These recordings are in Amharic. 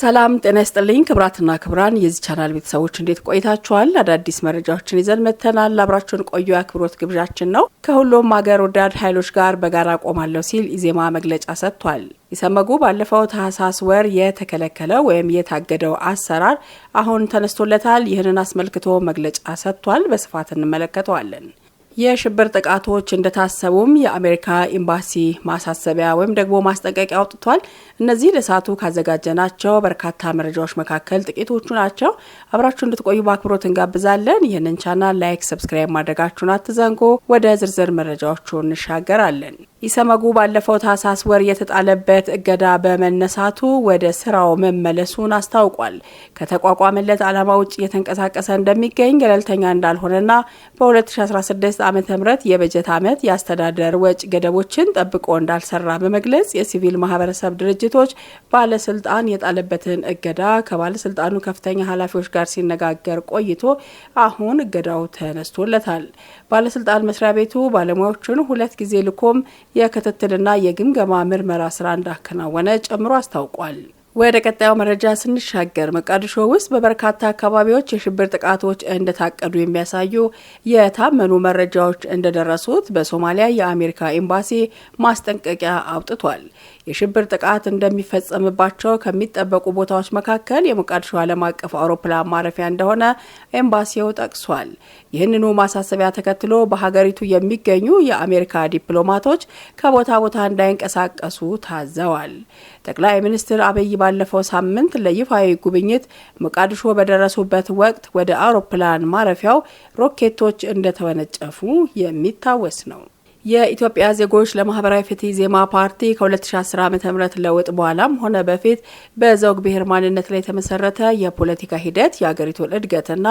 ሰላም ጤና ይስጥልኝ ክብራትና ክብራን የዚህ ቻናል ቤተሰቦች እንዴት ቆይታችኋል? አዳዲስ መረጃዎችን ይዘን መጥተናል። አብራችሁን ቆዩ የአክብሮት ግብዣችን ነው። ከሁሉም አገር ወዳድ ኃይሎች ጋር በጋራ ቆማለሁ ሲል ኢዜማ መግለጫ ሰጥቷል። ኢሰመጉ ባለፈው ታህሳስ ወር የተከለከለ ወይም የታገደው አሰራር አሁን ተነስቶለታል። ይህንን አስመልክቶ መግለጫ ሰጥቷል። በስፋት እንመለከተዋለን። የሽብር ጥቃቶች እንደታሰቡም የአሜሪካ ኤምባሲ ማሳሰቢያ ወይም ደግሞ ማስጠንቀቂያ አውጥቷል። እነዚህ ለሰዓቱ ካዘጋጀናቸው በርካታ መረጃዎች መካከል ጥቂቶቹ ናቸው። አብራችሁ እንድትቆዩ በአክብሮት እንጋብዛለን። ይህንን ቻናል ላይክ፣ ሰብስክራይብ ማድረጋችሁን አትዘንጎ። ወደ ዝርዝር መረጃዎቹ እንሻገራለን። ኢሰመጉ ባለፈው ታህሳስ ወር የተጣለበት እገዳ በመነሳቱ ወደ ስራው መመለሱን አስታውቋል። ከተቋቋመለት ዓላማ ውጭ እየተንቀሳቀሰ እንደሚገኝ ገለልተኛ እንዳልሆነና በ2016 ምህረት የበጀት ዓመት የአስተዳደር ወጪ ገደቦችን ጠብቆ እንዳልሰራ በመግለጽ የሲቪል ማህበረሰብ ድርጅቶች ባለስልጣን የጣለበትን እገዳ ከባለስልጣኑ ከፍተኛ ኃላፊዎች ጋር ሲነጋገር ቆይቶ አሁን እገዳው ተነስቶለታል። ባለስልጣን መስሪያ ቤቱ ባለሙያዎቹን ሁለት ጊዜ ልኮም የክትትልና የግምገማ ምርመራ ስራ እንዳከናወነ ጨምሮ አስታውቋል። ወደ ቀጣዩ መረጃ ስንሻገር መቃዲሾ ውስጥ በበርካታ አካባቢዎች የሽብር ጥቃቶች እንደታቀዱ የሚያሳዩ የታመኑ መረጃዎች እንደደረሱት በሶማሊያ የአሜሪካ ኤምባሲ ማስጠንቀቂያ አውጥቷል። የሽብር ጥቃት እንደሚፈጸምባቸው ከሚጠበቁ ቦታዎች መካከል የሞቃዲሾ ዓለም አቀፍ አውሮፕላን ማረፊያ እንደሆነ ኤምባሲው ጠቅሷል። ይህንኑ ማሳሰቢያ ተከትሎ በሀገሪቱ የሚገኙ የአሜሪካ ዲፕሎማቶች ከቦታ ቦታ እንዳይንቀሳቀሱ ታዘዋል። ጠቅላይ ሚኒስትር አብይ ባለፈው ሳምንት ለይፋዊ ጉብኝት ሞቃዲሾ በደረሱበት ወቅት ወደ አውሮፕላን ማረፊያው ሮኬቶች እንደተወነጨፉ የሚታወስ ነው። የኢትዮጵያ ዜጎች ለማህበራዊ ፍትህ ዜማ ፓርቲ ከ2010 ዓ ም ለውጥ በኋላም ሆነ በፊት በዘውግ ብሔር ማንነት ላይ የተመሰረተ የፖለቲካ ሂደት የአገሪቱን እድገትና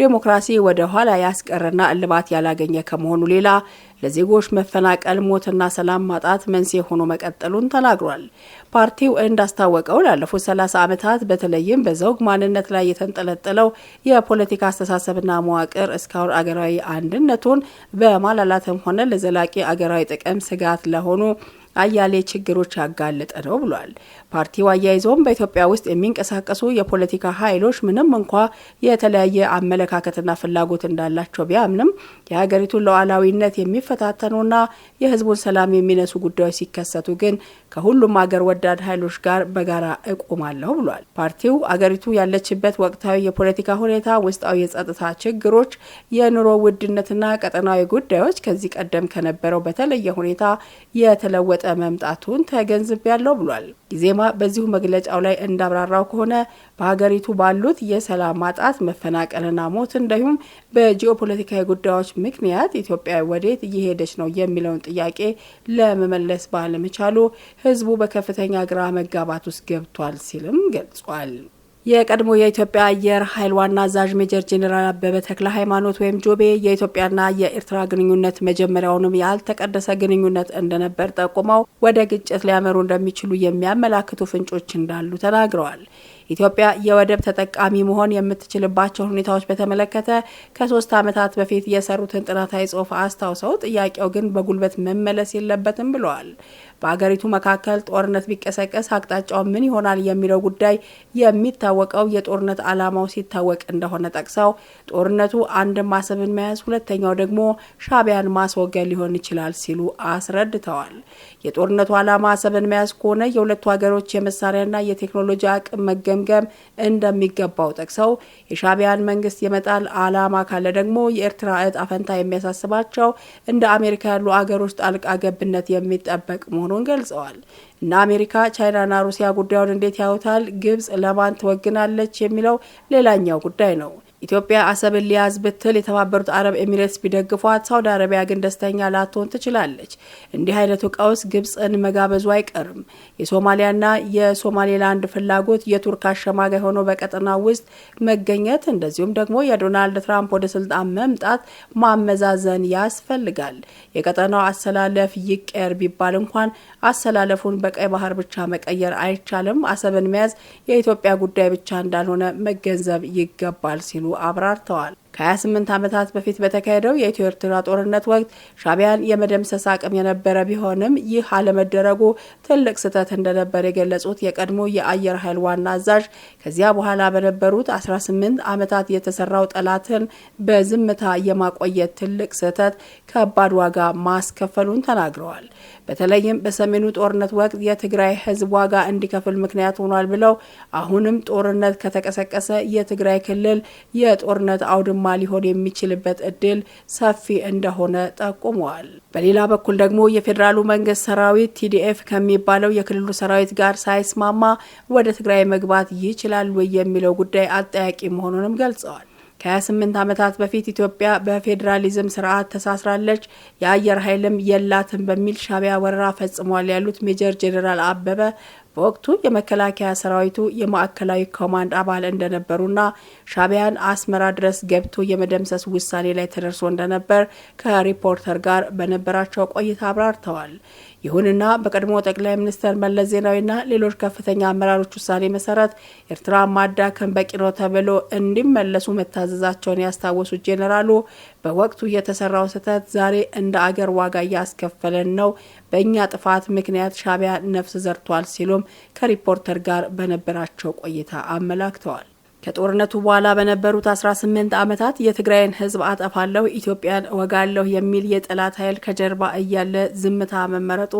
ዴሞክራሲ ወደ ኋላ ያስቀረና እልባት ያላገኘ ከመሆኑ ሌላ ለዜጎች መፈናቀል፣ ሞትና ሰላም ማጣት መንስኤ ሆኖ መቀጠሉን ተናግሯል። ፓርቲው እንዳስታወቀው ላለፉት 30 ዓመታት በተለይም በዘውግ ማንነት ላይ የተንጠለጠለው የፖለቲካ አስተሳሰብና መዋቅር እስካሁን አገራዊ አንድነቱን በማላላትም ሆነ ለዘላቂ አገራዊ ጥቅም ስጋት ለሆኑ ለአያሌ ችግሮች ያጋለጠ ነው ብሏል። ፓርቲው አያይዘውም በኢትዮጵያ ውስጥ የሚንቀሳቀሱ የፖለቲካ ኃይሎች ምንም እንኳ የተለያየ አመለካከትና ፍላጎት እንዳላቸው ቢያምንም የሀገሪቱን ሉዓላዊነት የሚፈታተኑና የሕዝቡን ሰላም የሚነሱ ጉዳዮች ሲከሰቱ ግን ከሁሉም አገር ወዳድ ኃይሎች ጋር በጋራ እቆማለሁ ብሏል። ፓርቲው አገሪቱ ያለችበት ወቅታዊ የፖለቲካ ሁኔታ፣ ውስጣዊ የጸጥታ ችግሮች፣ የኑሮ ውድነትና ቀጠናዊ ጉዳዮች ከዚህ ቀደም ከነበረው በተለየ ሁኔታ የተለወጠ እየተለወጠ መምጣቱን ተገንዝቤያለሁ ብሏል። ኢዜማ በዚሁ መግለጫው ላይ እንዳብራራው ከሆነ በሀገሪቱ ባሉት የሰላም ማጣት፣ መፈናቀልና ሞት እንዲሁም በጂኦፖለቲካዊ ጉዳዮች ምክንያት ኢትዮጵያ ወዴት እየሄደች ነው የሚለውን ጥያቄ ለመመለስ ባለመቻሉ ህዝቡ በከፍተኛ ግራ መጋባት ውስጥ ገብቷል ሲልም ገልጿል። የቀድሞ የኢትዮጵያ አየር ኃይል ዋና አዛዥ ሜጀር ጄኔራል አበበ ተክለ ሃይማኖት ወይም ጆቤ የኢትዮጵያና የኤርትራ ግንኙነት መጀመሪያውንም ያልተቀደሰ ግንኙነት እንደነበር ጠቁመው ወደ ግጭት ሊያመሩ እንደሚችሉ የሚያመላክቱ ፍንጮች እንዳሉ ተናግረዋል። ኢትዮጵያ የወደብ ተጠቃሚ መሆን የምትችልባቸውን ሁኔታዎች በተመለከተ ከሶስት ዓመታት በፊት የሰሩትን ጥናታዊ ጽሑፍ አስታውሰው ጥያቄው ግን በጉልበት መመለስ የለበትም ብለዋል። በአገሪቱ መካከል ጦርነት ቢቀሰቀስ አቅጣጫው ምን ይሆናል የሚለው ጉዳይ የሚታወቀው የጦርነት ዓላማው ሲታወቅ እንደሆነ ጠቅሰው ጦርነቱ አንድ አሰብን መያዝ፣ ሁለተኛው ደግሞ ሻቢያን ማስወገድ ሊሆን ይችላል ሲሉ አስረድተዋል። የጦርነቱ ዓላማ አሰብን መያዝ ከሆነ የሁለቱ ሀገሮች የመሳሪያና የቴክኖሎጂ አቅም መገምገም እንደሚገባው ጠቅሰው የሻቢያን መንግስት የመጣል ዓላማ ካለ ደግሞ የኤርትራ እጣ ፈንታ የሚያሳስባቸው እንደ አሜሪካ ያሉ አገሮች ጣልቃ ገብነት የሚጠበቅ መሆኑ መሆኑን ገልጸዋል። እነ አሜሪካ፣ ቻይናና ሩሲያ ጉዳዩን እንዴት ያዩታል? ግብጽ ለማን ትወግናለች? የሚለው ሌላኛው ጉዳይ ነው። ኢትዮጵያ አሰብን ሊያዝ ብትል የተባበሩት አረብ ኤሚሬትስ ቢደግፏት ሳውዲ አረቢያ ግን ደስተኛ ላትሆን ትችላለች። እንዲህ አይነቱ ቀውስ ግብፅን መጋበዙ አይቀርም። የሶማሊያና የሶማሌላንድ ፍላጎት የቱርክ አሸማጋይ ሆኖ በቀጠና ውስጥ መገኘት እንደዚሁም ደግሞ የዶናልድ ትራምፕ ወደ ስልጣን መምጣት ማመዛዘን ያስፈልጋል። የቀጠናው አሰላለፍ ይቀየር ቢባል እንኳን አሰላለፉን በቀይ ባህር ብቻ መቀየር አይቻልም። አሰብን መያዝ የኢትዮጵያ ጉዳይ ብቻ እንዳልሆነ መገንዘብ ይገባል ሲሉ አብራርተዋል። ከ28 ዓመታት በፊት በተካሄደው የኢትዮ ኤርትራ ጦርነት ወቅት ሻቢያን የመደምሰስ አቅም የነበረ ቢሆንም ይህ አለመደረጉ ትልቅ ስህተት እንደነበር የገለጹት የቀድሞ የአየር ኃይል ዋና አዛዥ ከዚያ በኋላ በነበሩት 18 ዓመታት የተሰራው ጠላትን በዝምታ የማቆየት ትልቅ ስህተት ከባድ ዋጋ ማስከፈሉን ተናግረዋል። በተለይም በሰሜኑ ጦርነት ወቅት የትግራይ ህዝብ ዋጋ እንዲከፍል ምክንያት ሆኗል ብለው አሁንም ጦርነት ከተቀሰቀሰ የትግራይ ክልል የጦርነት አውድማ ሊሆን የሚችልበት እድል ሰፊ እንደሆነ ጠቁመዋል። በሌላ በኩል ደግሞ የፌዴራሉ መንግስት ሰራዊት ቲዲኤፍ ከሚባለው የክልሉ ሰራዊት ጋር ሳይስማማ ወደ ትግራይ መግባት ይችላሉ የሚለው ጉዳይ አጠያቂ መሆኑንም ገልጸዋል። ከ28 ዓመታት በፊት ኢትዮጵያ በፌዴራሊዝም ስርዓት ተሳስራለች፣ የአየር ኃይልም የላትም በሚል ሻቢያ ወረራ ፈጽሟል ያሉት ሜጀር ጄኔራል አበበ በወቅቱ የመከላከያ ሰራዊቱ የማዕከላዊ ኮማንድ አባል እንደነበሩና ሻቢያን አስመራ ድረስ ገብቶ የመደምሰስ ውሳኔ ላይ ተደርሶ እንደነበር ከሪፖርተር ጋር በነበራቸው ቆይታ አብራርተዋል። ይሁንና በቀድሞ ጠቅላይ ሚኒስትር መለስ ዜናዊና ሌሎች ከፍተኛ አመራሮች ውሳኔ መሰረት ኤርትራ ማዳከም በቂ ነው ተብሎ እንዲመለሱ መታዘዛቸውን ያስታወሱት ጄኔራሉ በወቅቱ የተሰራው ስህተት ዛሬ እንደ አገር ዋጋ እያስከፈለን ነው። በእኛ ጥፋት ምክንያት ሻቢያ ነፍስ ዘርቷል ሲሉም ከሪፖርተር ጋር በነበራቸው ቆይታ አመላክተዋል። ከጦርነቱ በኋላ በነበሩት 18 ዓመታት የትግራይን ህዝብ አጠፋለሁ፣ ኢትዮጵያን እወጋለሁ የሚል የጠላት ኃይል ከጀርባ እያለ ዝምታ መመረጡ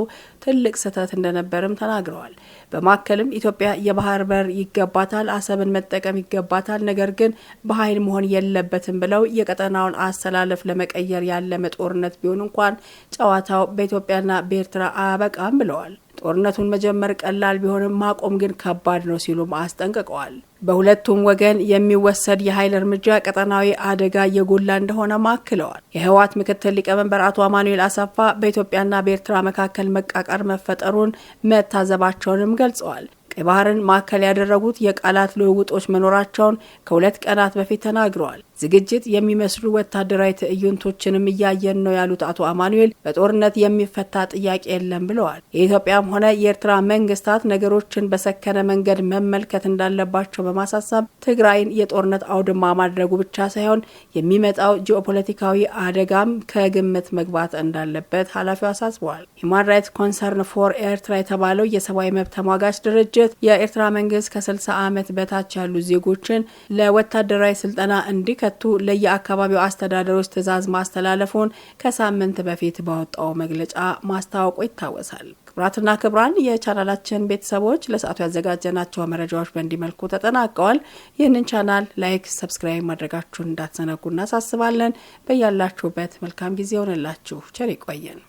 ትልቅ ስህተት እንደነበርም ተናግረዋል። በማከልም ኢትዮጵያ የባህር በር ይገባታል፣ አሰብን መጠቀም ይገባታል፣ ነገር ግን በኃይል መሆን የለበትም ብለው የቀጠናውን አሰላለፍ ለመቀየር ያለመ ጦርነት ቢሆን እንኳን ጨዋታው በኢትዮጵያና በኤርትራ አያበቃም ብለዋል። ጦርነቱን መጀመር ቀላል ቢሆንም ማቆም ግን ከባድ ነው ሲሉም አስጠንቅቀዋል። በሁለቱም ወገን የሚወሰድ የኃይል እርምጃ ቀጠናዊ አደጋ የጎላ እንደሆነ ማክለዋል። የህወሓት ምክትል ሊቀመንበር አቶ አማኑኤል አሰፋ በኢትዮጵያና በኤርትራ መካከል መቃቀር መፈጠሩን መታዘባቸውንም ገልጸዋል። ቀይ ባህርን ማዕከል ያደረጉት የቃላት ልውውጦች መኖራቸውን ከሁለት ቀናት በፊት ተናግረዋል። ዝግጅት የሚመስሉ ወታደራዊ ትዕይንቶችንም እያየን ነው ያሉት አቶ አማኑኤል በጦርነት የሚፈታ ጥያቄ የለም ብለዋል። የኢትዮጵያም ሆነ የኤርትራ መንግስታት ነገሮችን በሰከነ መንገድ መመልከት እንዳለባቸው በማሳሰብ ትግራይን የጦርነት አውድማ ማድረጉ ብቻ ሳይሆን የሚመጣው ጂኦፖለቲካዊ አደጋም ከግምት መግባት እንዳለበት ኃላፊው አሳስበዋል። ሂማን ራይትስ ኮንሰርን ፎር ኤርትራ የተባለው የሰብአዊ መብት ተሟጋች ድርጅት በማለት የኤርትራ መንግስት ከ60 ዓመት በታች ያሉ ዜጎችን ለወታደራዊ ስልጠና እንዲከቱ ለየአካባቢው አስተዳደሮች ትዕዛዝ ማስተላለፉን ከሳምንት በፊት ባወጣው መግለጫ ማስታወቁ ይታወሳል። ክብራትና ክብራን የቻናላችን ቤተሰቦች ለሰዓቱ ያዘጋጀናቸው መረጃዎች በእንዲመልኩ መልኩ ተጠናቀዋል። ይህንን ቻናል ላይክ፣ ሰብስክራይብ ማድረጋችሁን እንዳትዘነጉ እናሳስባለን። በያላችሁበት መልካም ጊዜ ሆነላችሁ። ቸር ይቆየን።